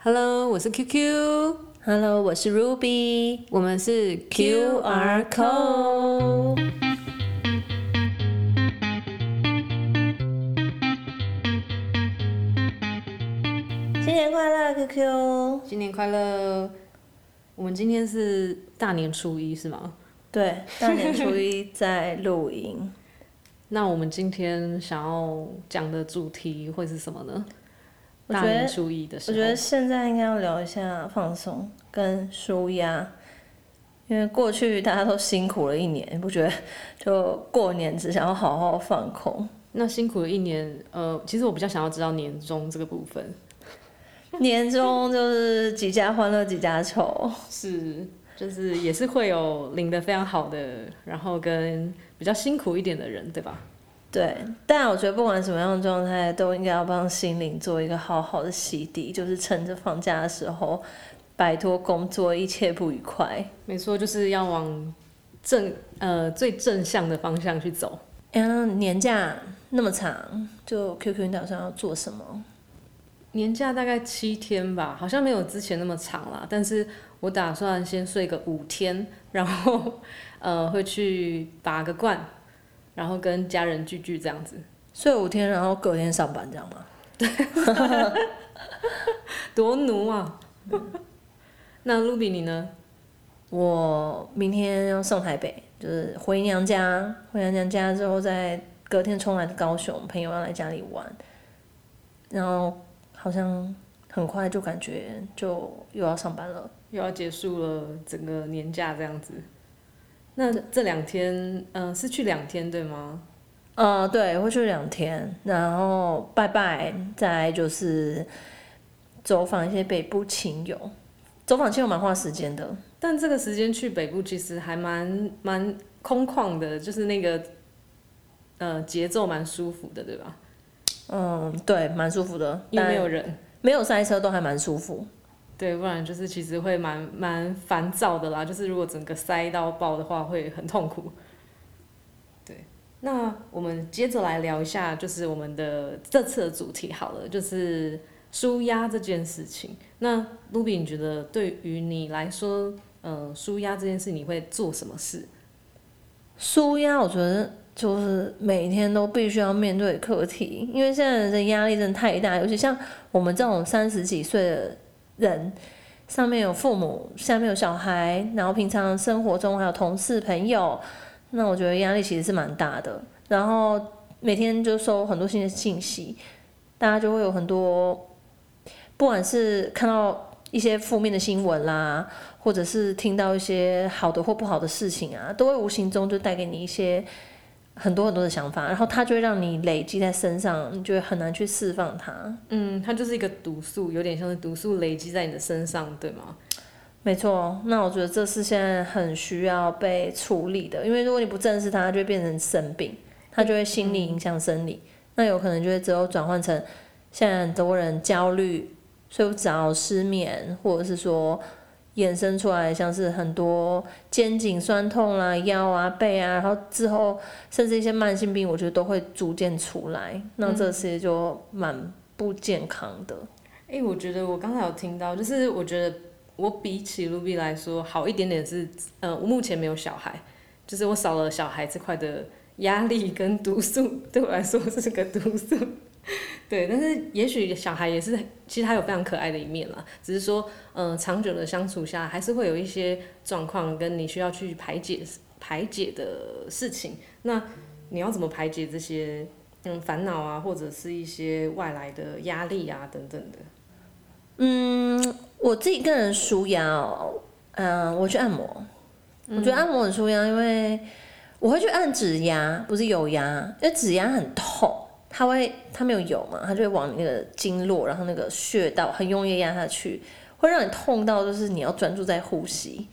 Hello，我是 QQ。Hello，我是 Ruby。我們是 QR Code。新年快樂，QQ。新年快樂。我們今天是大年初一，是嗎？對，大年初一在錄影。 那我們今天想要講的主題會是什麼呢？我覺得，我覺得現在應該要聊一下放鬆跟舒壓，因為過去大家都辛苦了一年，不覺得就過年只想要好好放空。那辛苦了一年，呃，其實我比較想要知道年終這個部分。年終就是幾家歡樂幾家愁， 是，就是也是會有領得非常好的，然後跟比較辛苦一點的人，對吧？對，但我覺得不管什麼樣的狀態，都應該要幫心靈做一個好好的洗滌，就是趁着放假的時候，擺脫工作一切不愉快。沒錯，就是要往正呃最正向的方向去走。嗯、哎，年假那麼長，就 QQ 你打算要做什麼？年假大概七天吧，好像沒有之前那麼長啦。但是我打算先睡個五天，然後呃會去拔個罐。然後跟家人聚聚這樣子，睡五天，然後隔天上班這樣嗎？對， 多奴弩啊！ 那 Ruby 你呢？我明天要上台北，就是回娘家，回娘家之後再隔天衝來的高雄，朋友要來家裡玩，然後好像很快就感覺就又要上班了，又要結束了整個年假這樣子。那這兩天，嗯、呃，是去兩天對嗎？嗯、呃，對，會去兩天，然後拜拜，再就是走訪一些北部親友。走訪親友蠻花時間的，但這個時間去北部其實還蠻蠻空曠的，就是那個，呃，節奏蠻舒服的，對吧？嗯、呃，對，蠻舒服的，因為沒有人，沒有塞車，都還蠻舒服。對，不然就是其實會蠻蠻煩躁的啦。就是如果整個塞到爆的話，會很痛苦。對，那我們接着來聊一下，就是我們的這次的主題好了，就是舒壓這件事情。那 Ruby，你覺得對於你來說，嗯、呃，舒壓這件事你會做什麼事？舒壓，我覺得就是每天都必須要面對課題，因為現在的壓力真的太大，尤其像我們這種三十幾歲的。人上面有父母，下面有小孩，然後平常生活中還有同事朋友，那我覺得壓力其實是蠻大的。然後每天就收很多新的信息，大家就會有很多，不管是看到一些負面的新聞啦，或者是聽到一些好的或不好的事情啊，都會無形中就帶給你一些，很多很多的想法，然後它就會讓你累積在身上，你就會很難去釋放它。嗯，它就是一個毒素，有點像是毒素累積在你的身上，對嗎？沒錯，那我覺得這是現在很需要被處理的，因為如果你不正視它，它就會變成生病，它就會心理影響生理，嗯，那有可能就會只有轉換成現在很多人焦慮、睡不着、失眠，或者是說。衍生出來像是很多肩頸痠痛啦、啊、腰啊、背啊，然後之後甚至一些慢性病，我覺得都會逐漸出來。那這些就蠻不健康的。哎、嗯欸，我覺得我剛才有聽到，就是我覺得我比起盧比來說好一點點是，呃，我目前沒有小孩，就是我少了小孩這塊的壓力跟毒素，對我來說是個毒素。 對，但是也許小孩也是，其實他有非常可愛的一面啦。只是說，嗯、呃，長久的相處下來，還是會有一些狀況，跟你需要去排解、排解的事情。那你要怎麼排解這些，嗯，煩惱啊，或者是一些外來的壓力啊等等的？嗯，我自己個人舒壓哦，嗯、呃，我去按摩、嗯。我覺得按摩很舒壓，因為我會去按指壓，不是有壓，因為指壓很痛。它會，它沒有油嘛，它就會往那個經絡，然後那個穴道很用力壓下去，會讓你痛到就是你要專注在呼吸。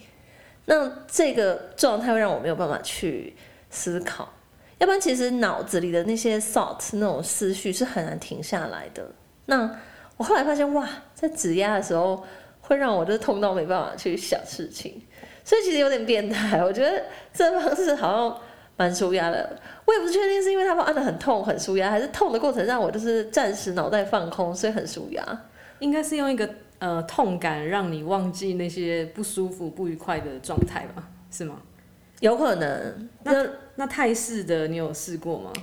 那這個狀態會讓我沒有辦法去思考，要不然其實腦子裡的那些 thought 那種思緒是很難停下來的。那我後來發現，哇，在指壓的時候會讓我就是痛到沒辦法去想事情，所以其實有點變態。我覺得這方式好像蠻舒壓的。我也不確定是因為他們按的很痛很舒壓，還是痛的過程讓我就是暫時腦袋放空，所以很舒壓。應該是用一個呃痛感讓你忘記那些不舒服不愉快的狀態吧？是嗎？有可能。那那,那泰式的你有試過嗎？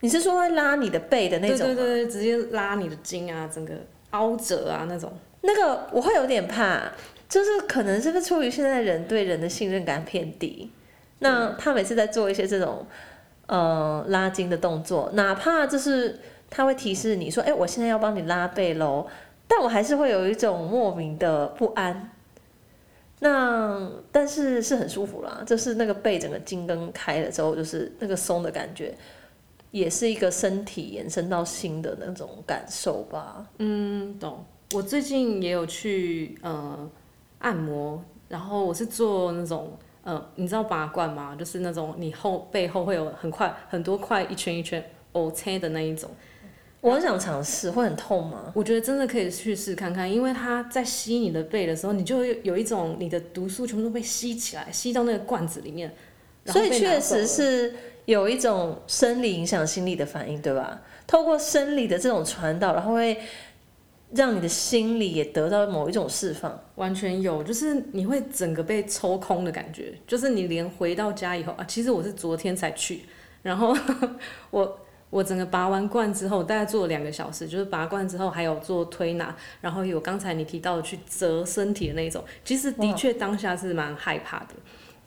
你是說會拉你的背的那種？對對對，直接拉你的筋啊，整個凹折啊那種。那個我會有點怕，就是可能是不是出於現在人對人的信任感偏低？那他每次在做一些這種。呃、嗯，拉筋的動作，哪怕就是他會提示你說：“哎、欸，我現在要幫你拉背嘍。”但我還是會有一種莫名的不安。那但是是很舒服啦，就是那個背整個筋跟開了之後，就是那個鬆的感覺，也是一個身體延伸到心的那種感受吧。嗯，懂。我最近也有去呃按摩，然後我是做那種。嗯，你知道拔罐嗎？就是那種你後背後會有很快很多塊一圈一圈凹陷的那一種。我很想嘗試，會很痛嗎？我覺得真的可以去試看看，因為它在吸你的背的時候，你就有一種你的毒素全部都被吸起來，吸到那個罐子裡面，所以確實是有一種生理影響心理的反應，對吧？透過生理的這種傳導，然後會。讓你的心裡也得到某一種釋放。完全有，就是你會整個被抽空的感覺，就是你連回到家以後啊，其實我是昨天才去，然後呵呵我我整個拔完罐之後，我大概做了兩個小時，就是拔罐之後還有做推拿，然後有剛才你提到的去折身體的那一種，其實的確當下是蠻害怕的，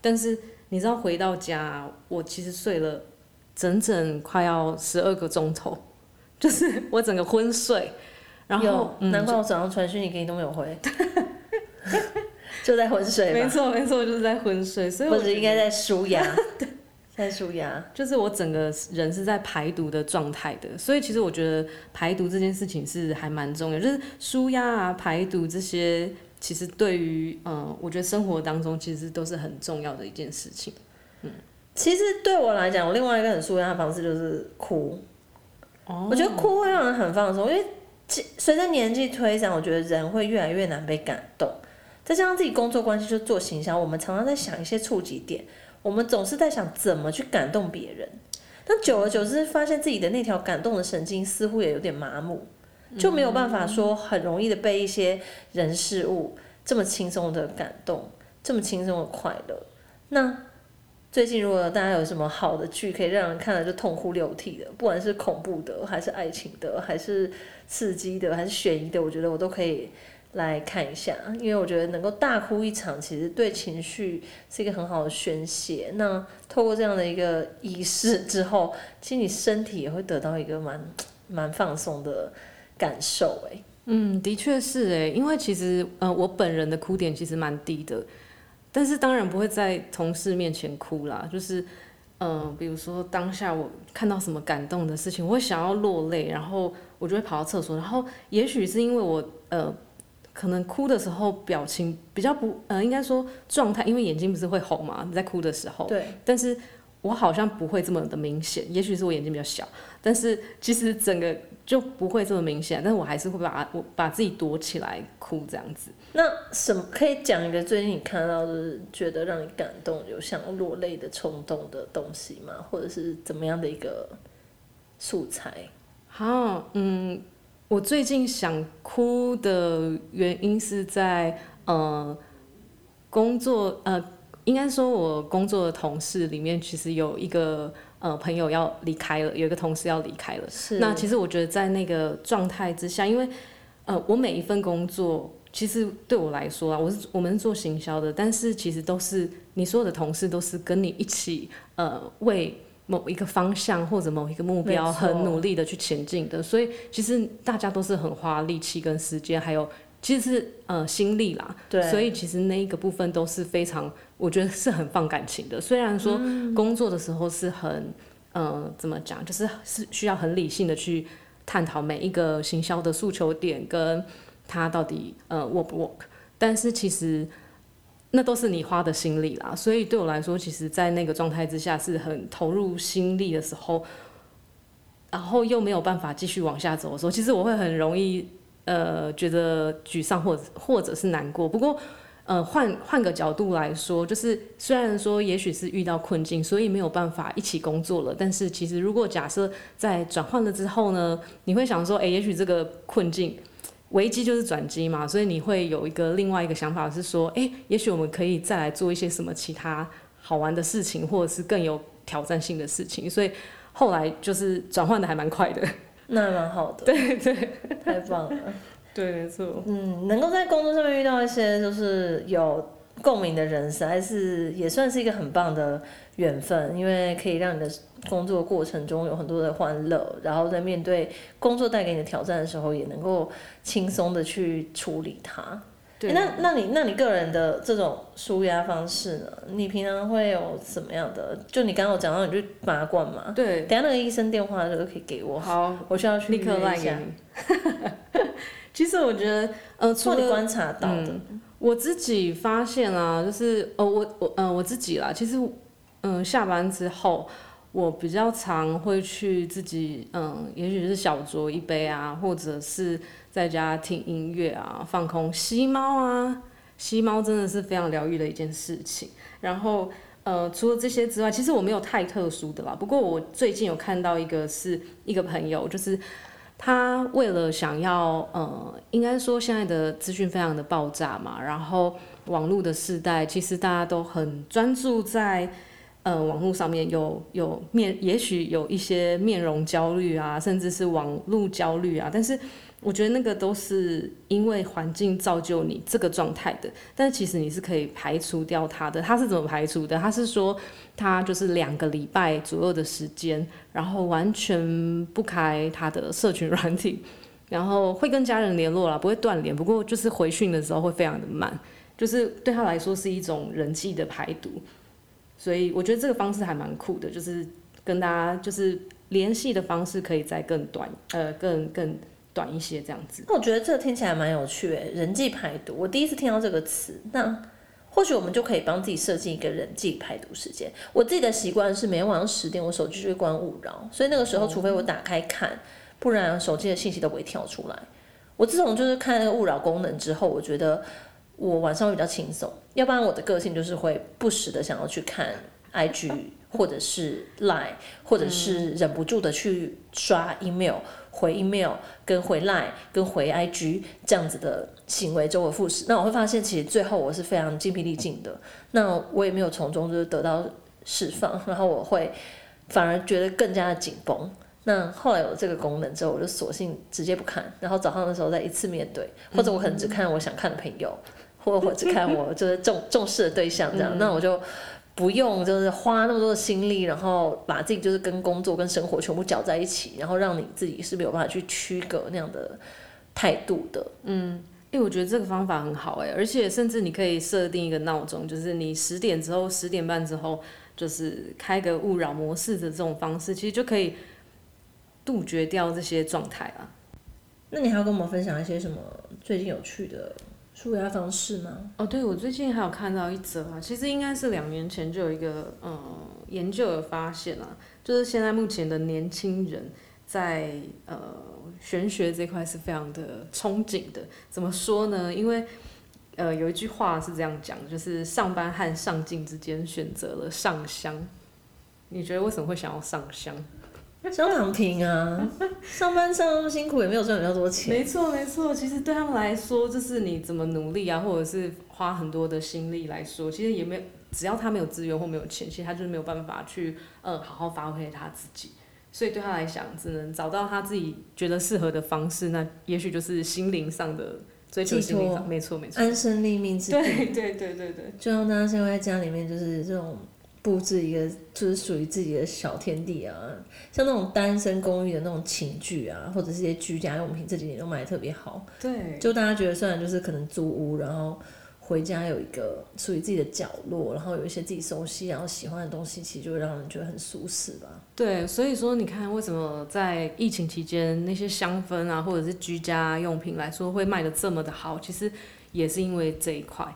但是你知道回到家，我其實睡了整整快要十二個鐘頭，就是我整個昏睡。然後難怪我早上傳訊息、嗯、給你都沒有回， 就在昏睡。沒錯沒錯，就是在昏睡，所以我只應該在舒壓， 在舒壓，就是我整個人是在排毒的狀態的。所以其實我覺得排毒這件事情是還蠻重要的，就是舒壓啊、排毒這些，其實對於嗯、呃，我覺得生活當中其實都是很重要的一件事情。嗯，其實對我來講，我另外一個很舒壓的方式就是哭。哦、oh.，我覺得哭會讓人很放鬆，因為。隨着年紀推展，我覺得人會越來越難被感動。再加上自己工作關係，就做行銷，我們常常在想一些觸及點，我們總是在想怎麼去感動別人。但久而久之，發現自己的那條感動的神經似乎也有點麻木，就沒有辦法說很容易的被一些人事物這麼輕鬆的感動，這麼輕鬆的快樂。那最近如果大家有什麼好的劇可以讓人看了就痛哭流涕的，不管是恐怖的、還是愛情的、還是刺激的、還是懸疑的，我覺得我都可以來看一下。因為我覺得能夠大哭一場，其實對情緒是一個很好的宣洩。那透過這樣的一個儀式之後，其實你身體也會得到一個蠻蠻放鬆的感受。哎，嗯，的確是哎，因為其實呃，我本人的哭點其實蠻低的。但是當然不會在同事面前哭啦，就是，呃，比如說當下我看到什麼感動的事情，我會想要落淚，然後我就會跑到廁所，然後也許是因為我呃，可能哭的時候表情比較不，呃，應該說狀態，因為眼睛不是會紅嘛？你在哭的時候，對，但是我好像不會這麼的明顯，也許是我眼睛比較小，但是其實整個。就不會這麼明顯，但是我還是會把我把自己躲起來哭這樣子。那什麼可以講一個最近你看到就是覺得讓你感動、有想落淚的衝動的東西嗎？或者是怎麼樣的一個素材？好，嗯，我最近想哭的原因是在呃工作呃。應該說，我工作的同事裡面，其實有一個呃朋友要離開了，有一個同事要離開了。是。那其實我覺得在那個狀態之下，因為呃，我每一份工作其實對我來說啊，我是我們是做行銷的，但是其實都是你所有的同事都是跟你一起呃為某一個方向或者某一個目標很努力的去前進的，所以其實大家都是很花力氣跟時間，還有。其實是呃心力啦，對，所以其實那一個部分都是非常，我覺得是很放感情的。雖然說工作的時候是很，嗯、呃，怎麼講，就是是需要很理性的去探討每一個行銷的訴求點跟他到底呃 work 不 work，但是其實那都是你花的心力啦。所以對我來說，其實，在那個狀態之下是很投入心力的時候，然後又沒有辦法繼續往下走的時候，其實我會很容易。呃，覺得沮喪或者或者是難過。不過，呃，換換個角度來說，就是雖然說也許是遇到困境，所以沒有辦法一起工作了。但是其實如果假設在轉換了之後呢，你會想說，哎、欸，也許這個困境危機就是轉機嘛。所以你會有一個另外一個想法是說，哎、欸，也許我們可以再來做一些什麼其他好玩的事情，或者是更有挑戰性的事情。所以後來就是轉換得還蠻快的。那蠻好的，對對，對，太棒了， 對，沒錯，嗯，能夠在工作上面遇到一些就是有共鳴的人，實在是也算是一個很棒的緣分，因為可以讓你的工作的過程中有很多的歡樂，然後在面對工作帶給你的挑戰的時候，也能夠輕鬆的去處理它。欸、那那你那你個人的這種舒壓方式呢？你平常會有什麼樣的？就你剛剛講到，你就拔罐嘛。對。等下那個醫生電話就都可以給我。好，我需要去。立刻賴給你 其實我覺得，呃，從你觀察到的，我自己發現啊，就是，哦、呃，我我嗯、呃，我自己啦，其實，嗯、呃，下班之後。我比較常會去自己，嗯，也許是小酌一杯啊，或者是在家聽音樂啊，放空、吸貓啊，吸貓真的是非常療癒的一件事情。然後，呃，除了這些之外，其實我沒有太特殊的啦。不過我最近有看到一個，是一個朋友，就是他為了想要，呃，應該說現在的資訊非常的爆炸嘛，然後網絡的時代，其實大家都很專注在。呃，網絡上面有有面，也許有一些面容焦慮啊，甚至是網路焦慮啊。但是我覺得那個都是因為環境造就你這個狀態的。但是其實你是可以排除掉它的。它是怎麼排除的？他是說他就是兩個禮拜左右的時間，然後完全不開他的社群軟體，然後會跟家人聯絡了，不會斷聯。不過就是回訊的時候會非常的慢，就是對他來說是一種人際的排毒。所以我覺得這個方式還蠻酷的，就是跟大家就是聯繫的方式可以再更短，呃，更更短一些這樣子。那我覺得這個聽起來蠻有趣，欸，人際排毒，我第一次聽到這個詞。那或許我們就可以幫自己設計一個人際排毒時間。我自己的習慣是每天晚上十點，我手機就會關勿擾，所以那個時候除非我打開看，嗯，不然手機的信息都不會跳出來。我自從就是看那個勿擾功能之後，我覺得。我晚上會比較輕鬆，要不然我的個性就是會不時的想要去看 IG 或者是 LINE，或者是忍不住的去刷 email 回 email 跟回 LINE 跟回 IG 這樣子的行為周而復始。那我會發現，其實最後我是非常精疲力盡的，那我也沒有從中就是得到釋放，然後我會反而覺得更加的緊繃。那後來有了這個功能之後，我就索性直接不看，然後早上的時候再一次面對，或者我可能只看我想看的朋友。或者我只看我就是重 重視的對象這樣、嗯，那我就不用就是花那麼多的心力，然後把自己就是跟工作跟生活全部攪在一起，然後讓你自己是沒有辦法去區隔那樣的態度的。嗯，為、欸、我覺得這個方法很好哎、欸，而且甚至你可以設定一個鬧鐘，就是你十點之後、十點半之後，就是開個勿擾模式的這種方式，其實就可以杜絕掉這些狀態啊。那你還要跟我們分享一些什麼最近有趣的？舒壓方式呢？哦，對，我最近還有看到一則啊，其實應該是兩年前就有一個、呃、研究有發現啦，啊，就是現在目前的年輕人在呃玄學這塊是非常的憧憬的。怎麼說呢？因為呃有一句話是這樣講，就是上班和上進之間選擇了上香。你覺得為什麼會想要上香？交兩瓶啊，上班上那麼辛苦，也沒有賺很比較多錢。 沒錯沒錯，其實對他們來說，就是你怎麼努力啊，或者是花很多的心力來說，其實也沒有，只要他沒有資源或沒有錢，其實他就是沒有辦法去，呃好好發揮他自己。所以對他來講，只能找到他自己覺得適合的方式，那也許就是心靈上的追求心，心靈上沒錯沒錯，安身立命之類對，對對對對對，就像大家現在在家裡面，就是這種。佈置一個就是屬於自己的小天地啊，像那種單身公寓的那種寢具啊，或者是一些居家用品，這幾年都賣得特別好。對，就大家覺得，雖然就是可能租屋，然後回家有一個屬於自己的角落，然後有一些自己熟悉然後喜歡的東西，其實就會讓人覺得很舒適吧。對，所以說你看，為什麼在疫情期間那些香氛啊，或者是居家用品來說會賣得這麼的好，其實也是因為這一塊。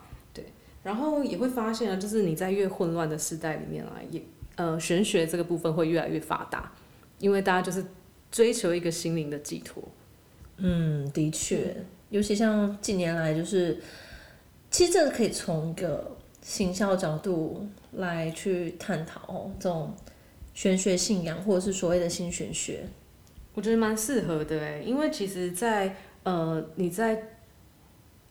然後也會發現啊，就是你在越混亂的時代裡面啊，也呃玄學這個部分會越來越發達，因為大家就是追求一個心靈的寄託。嗯，的確，嗯、尤其像近年來，就是其實這個可以從一個行銷角度來去探討哦，這種玄學信仰或者是所謂的新玄學，我覺得蠻適合的，因為其實在，在呃你在。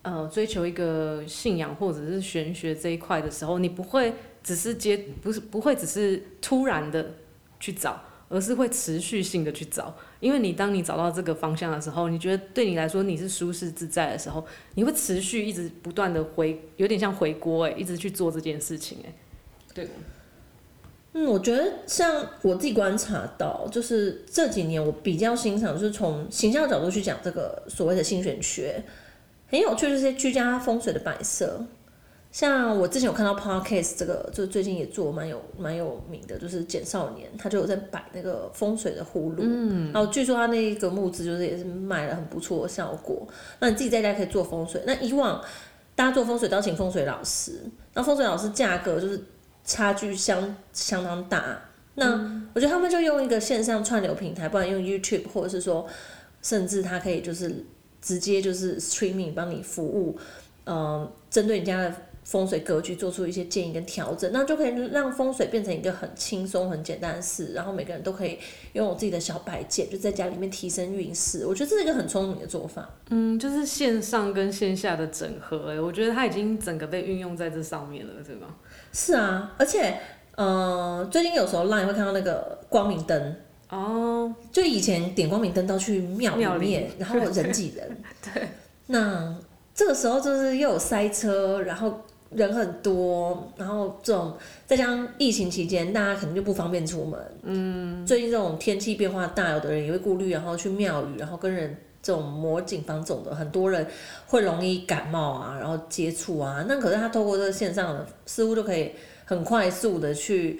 呃，追求一個信仰或者是玄學這一塊的時候，你不會只是接，不是不會只是突然的去找，而是會持續性的去找。因為你當你找到這個方向的時候，你覺得對你來說你是舒適自在的時候，你會持續一直不斷的回，有點像回鍋誒、欸，一直去做這件事情誒、欸。對。嗯，我覺得像我自己觀察到，就是這幾年我比較欣賞，就是從形象角度去講這個所謂的新玄學。很有趣，就是些居家風水的擺設，像我之前有看到 Podcast 這個，就最近也做蠻有蠻有名的，就是簡少年，他就有在擺那個風水的葫蘆，嗯，然後據說他那個木質就是也是賣了很不錯的效果。那你自己在家可以做風水，那以往大家做風水都要請風水老師，那風水老師價格就是差距相相當大。那我覺得他們就用一個線上串流平台，不然用 YouTube，或者是說，甚至他可以就是。直接就是 streaming 幫你服務，嗯、呃，針對你家的風水格局做出一些建議跟調整，那就可以讓風水變成一個很輕鬆、很簡單的事，然後每個人都可以擁有自己的小擺件就在家裡面提升運勢。我覺得這是一個很聰明的做法。嗯，就是線上跟線下的整合、欸，哎，我覺得它已經整個被運用在這上面了，對吧？是啊，而且，呃，最近有時候 LINE 會看到那個光明燈。哦、oh，就以前點光明燈都去廟裡面，然後人擠人。 對，那這個時候就是又有塞車，然後人很多，然後這種再加上疫情期間，大家可能就不方便出門。嗯，最近這種天氣變化大，有的人也會顧慮，然後去廟宇，然後跟人這種摩肩接踵的，很多人會容易感冒啊，然後接觸啊。那可是他透過這個線上，似乎就可以很快速的去，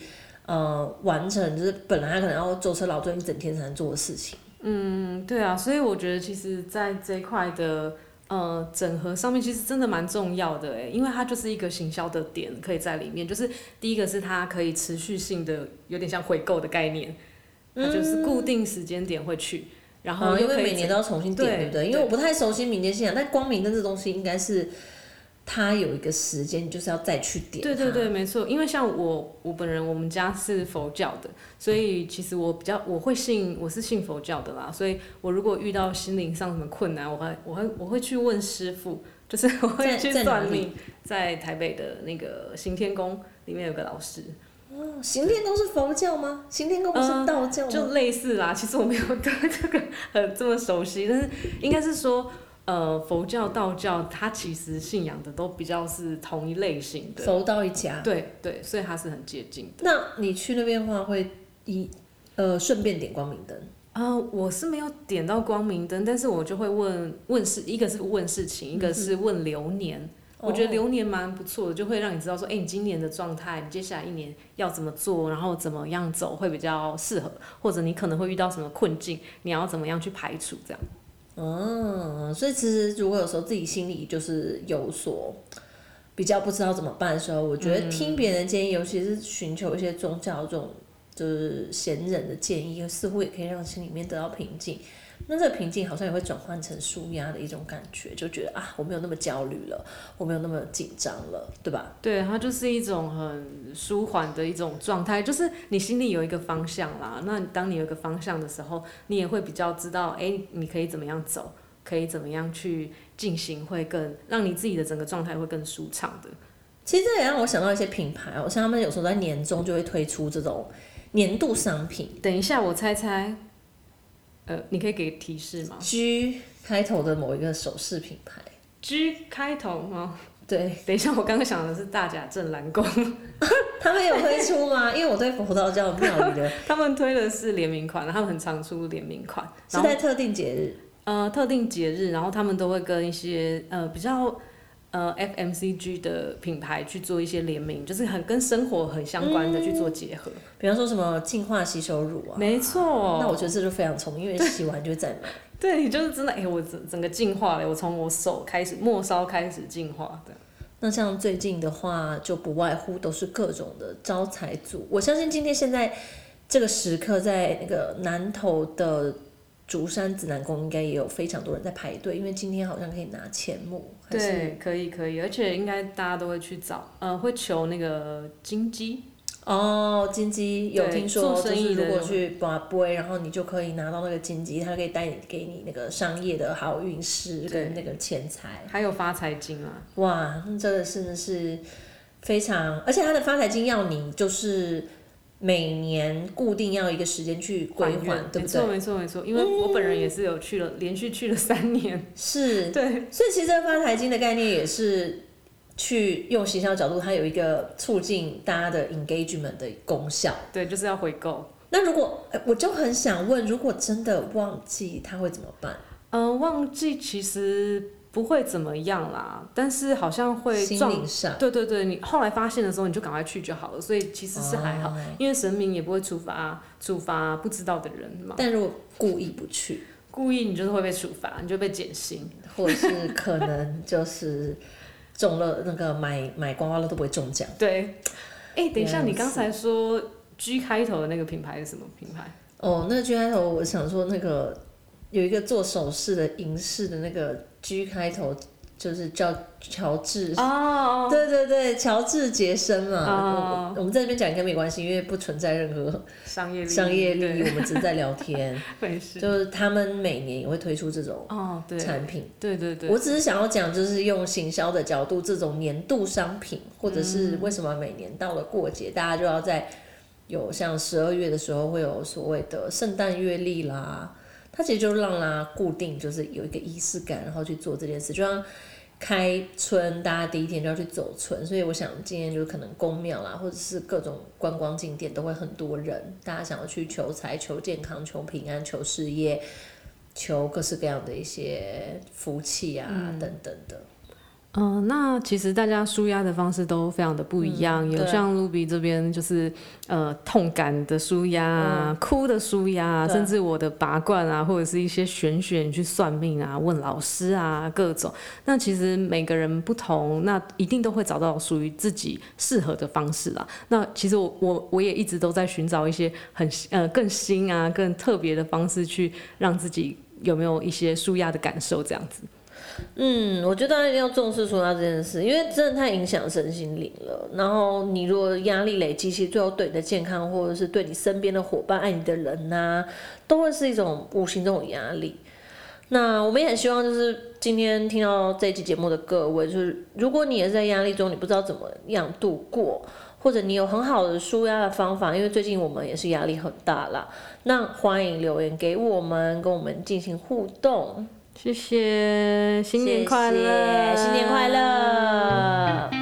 呃，完成就是本來他可能要坐車勞頓一整天才能做的事情。嗯，對啊，所以我覺得其實在這一塊的呃整合上面，其實真的蠻重要的。欸、因為它就是一個行銷的點，可以在裡面。就是第一個是它可以持續性的，有點像回購的概念，它就是固定時間點會去，然後、嗯嗯、因為每年都要重新點，對，對不對？因為我不太熟悉民間信仰，但光明燈這東西應該是。他有一個時間，就是要再去點。對對對，沒錯。因為像我，我本人我們家是佛教的，所以其實我比較我會信，我是信佛教的啦。所以，我如果遇到心靈上什麼困難，我還我會我會去問師傅，就是我會去算命，在台北的那個行天宮裡面有個老師。哦、嗯，行天宮是佛教嗎？行天宮不是道教嗎？呃，就類似啦，其實我沒有對這個很這麼熟悉，但是應該是說。呃，佛教、道教，它其實信仰的都比較是同一類型的，佛道一家。對對，所以它是很接近的。那你去那邊的話，會一呃，順便點光明燈啊、呃？我是沒有點到光明燈，但是我就會問問事，一個是問事情，一個是問流年。嗯、我覺得流年蠻不錯的，就會讓你知道說，哎、欸，你今年的狀態，你接下來一年要怎麼做，然後怎麼樣走會比較適合，或者你可能會遇到什麼困境，你要怎麼樣去排除這樣。嗯、哦，所以其實如果有時候自己心裡就是有所比較不知道怎麼辦的時候，我覺得聽別人建議，尤其是尋求一些宗教這種就是賢人的建議，似乎也可以讓心裡面得到平靜。那這個瓶頸好像也會轉換成舒壓的一種感覺，就覺得啊，我沒有那麼焦慮了，我沒有那麼緊張了，對吧？對，它就是一種很舒緩的一種狀態。就是你心裡有一個方向啦，那當你有一個方向的時候，你也會比較知道，哎、欸，你可以怎麼樣走，可以怎麼樣去進行，會更讓你自己的整個狀態會更舒暢的。其實這也讓我想到一些品牌我、喔、像他們有時候在年終就會推出這種年度商品。等一下，我猜猜。呃，你可以給提示嗎？G 開頭的某一個首飾品牌。G 開頭嗎？對。等一下，我剛剛想的是大甲鎮瀾宮。他們有推出嗎？ 因為我對佛道教的廟宇的，他們推的是聯名款，他們很常出聯名款。是在特定節日？呃，特定節日，然後他們都會跟一些呃比較。呃、uh，FMCG 的品牌去做一些聯名，就是很跟生活很相關的去做結合，嗯、比方說什麼淨化洗手乳啊，沒錯，嗯，那我覺得這就非常聰明，因為洗完就會再買。對，你就是真的，哎，欸，我整整個淨化了，我從我手開始，末梢開始淨化的。那像最近的話，就不外乎都是各種的招財組，我相信今天現在這個時刻，在那個南投的。竹山紫南宮應該也有非常多人在排隊，因為今天好像可以拿錢母，還是對，可以可以，而且應該大家都會去找，呃，會求那個金雞。哦，金雞有聽說，就是如果去拔杯，然後你就可以拿到那個金雞，它可以帶給你那個商業的好運勢跟那個錢財，還有發財金啊。哇，這個真的是非常，而且它的發財金要你就是。每年固定要一個時間去歸還，還，對不對？沒錯，沒錯，因為我本人也是有去了，嗯，連續去了三年。是，對。所以其實發財經的概念也是去用行銷角度，它有一個促進大家的 engagement 的功效。對，就是要回購。那如果、欸、我就很想問，如果真的忘記，他會怎麼辦？嗯、呃，忘記其實。不會怎麼樣啦，但是好像會撞。對對對，你後來發現的時候，你就趕快去就好了。所以其實是還好，哦、因為神明也不會處罰處罰不知道的人嘛。但如果故意不去，故意你就是會被處罰，你就被減薪，或者是可能就是中了那個買 買刮刮樂都不會中獎。對，哎，等一下，你剛才說 G 開頭的那個品牌是什麼品牌？哦，那 G 開頭，我想說那個有一個做首飾的銀飾的那個。G 開頭就是叫喬治，哦，對對對，喬治傑森嘛。Oh. 我們在那邊講應該沒關係，因為不存在任何商業商業利益，我們只是在聊天。 沒事。就是他們每年也會推出這種產品，oh, 對,對對對。我只是想要講，就是用行銷的角度，這種年度商品，或者是為什麼每年到了過節、嗯，大家就要在有像十二月的時候，會有所謂的聖誕月曆啦。它其實就讓它固定，就是有一個儀式感，然後去做這件事。就像開春，大家第一天就要去走春，所以我想今天就可能宮廟啦，或者是各種觀光景點都會很多人，大家想要去求財、求健康、求平安、求事業、求各式各樣的一些福氣啊、嗯、等等的。嗯、呃，那其實大家舒壓的方式都非常的不一樣，嗯、有像 Ruby 這邊就是呃痛感的舒壓啊，哭的舒壓，甚至我的拔罐啊，或者是一些玄學去算命啊，問老師啊，各種。那其實每個人不同，那一定都會找到屬於自己適合的方式啦。那其實我我我也一直都在尋找一些很呃更新啊、更特別的方式，去讓自己有沒有一些舒壓的感受這樣子。嗯，我覺得大家一定要重視舒壓這件事，因為真的太影響身心靈了。然後你如果壓力累積，其實最後對你的健康，或者是對你身邊的夥伴、愛你的人吶、啊，都會是一種無形中的壓力。那我們也很希望，就是今天聽到這期節目的各位，就是如果你也是在壓力中，你不知道怎麼樣度過，或者你有很好的舒壓的方法，因為最近我們也是壓力很大了，那歡迎留言給我們，跟我們進行互動。謝謝，新年快樂，謝謝新年快樂。